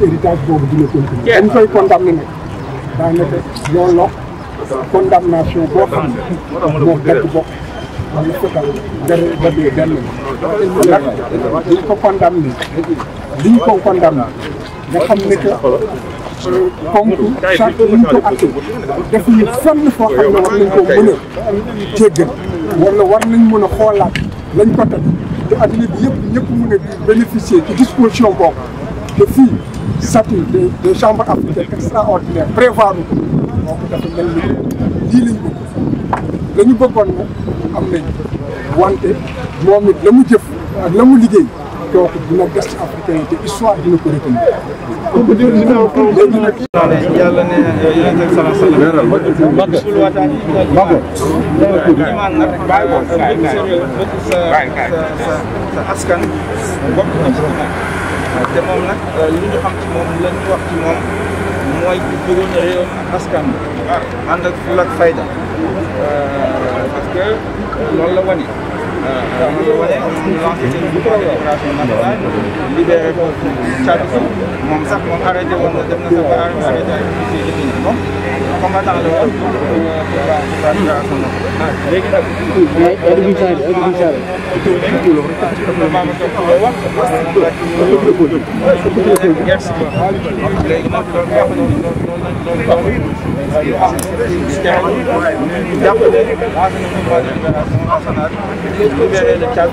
héritage boobu dina continuer dañ koy condamné nag daanaka yoo lox condamnation boo xam ne ko condamné liñ ko condamné nga xam ne que comme euh, chaque ñu ko atte def ñu fenn foo xam ne war nañ koo mën a jéggal wala war nañ mën a xoolaat lañ ko teg te adduna bi yëpp ñëpp mën a bénéficier ci disposition boobu de filles sati des des chambres africaines extraordinaires prévoir ko donc dafa mel ni lii lañ bëggoon na am nañ wante moom it la mu jëf ak la mu liggéey kooku dina des ci africain te histoire dina ko retenir. léegi nag. yàlla ne yonent ak salaam salaam. Sul wataani sa askan bokk na te moom nag euh, li ñu xam ci moom la ñu wax ci moom mooy ku bëggoon réewam ak askan ah ànd ak ful ak fayda euh, parce que loolu la wane. waaw euh, loolu la wane ñu lancé seen bu opération nationale libéré ko Tchad moom sax moom arrêté woon na dem na sax ba arrêté ak monsieur Jokalante moom. combattant la woon léegi nag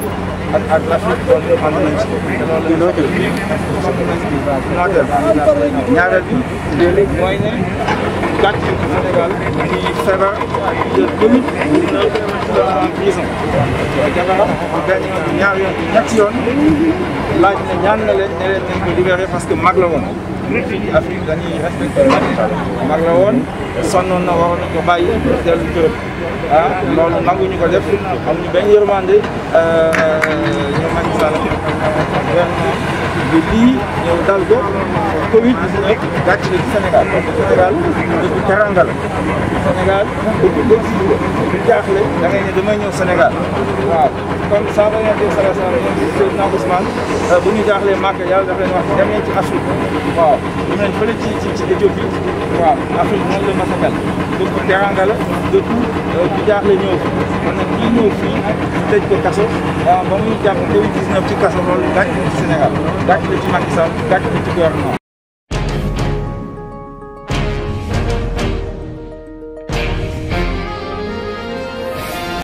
ak ak l'Afrique loolu ànd nañ ci loolu la ñu doon ñaareel bi mooy ne gàcce ci Sénégal di feebar de Covid dina en prison jabaram gaañ na ñaar yoon ñetti yoon laaj na ñaan na leen ne leen nañ ko libéré parce que mag la woon fii ci Afrique dañuy respecté mag la woon waroon nañ ko bàyyi dellu kër ah loolu nanguñu ko def amuñu benn yërmande ñoom euh, Macky Sall bi lii ñëw dal ko Covid 19 gàcce la ci Sénégal parce que Sénégal dëkku teranga la Sénégal dëkku jaaxle da ngay ne damay ñëw Sénégal waaw kon saa ba ñëw sala sala ñoom si Seydina Ousmane euh, bu ñu jaaxlee màgg yàlla daf leen wax dem ci Afrique waaw dem leen fële ci ci ci Éthiopie waaw Afrique noonu la masakal dëkku teranga la euh, jaaxle ñëw ñëw fii nag tëj ko kaso ah, ba muy jàpp Covid-19 ci kaso loolu gàcc na ci Sénégal gàcc na ci Macky Sall gàcc na ci gouvernement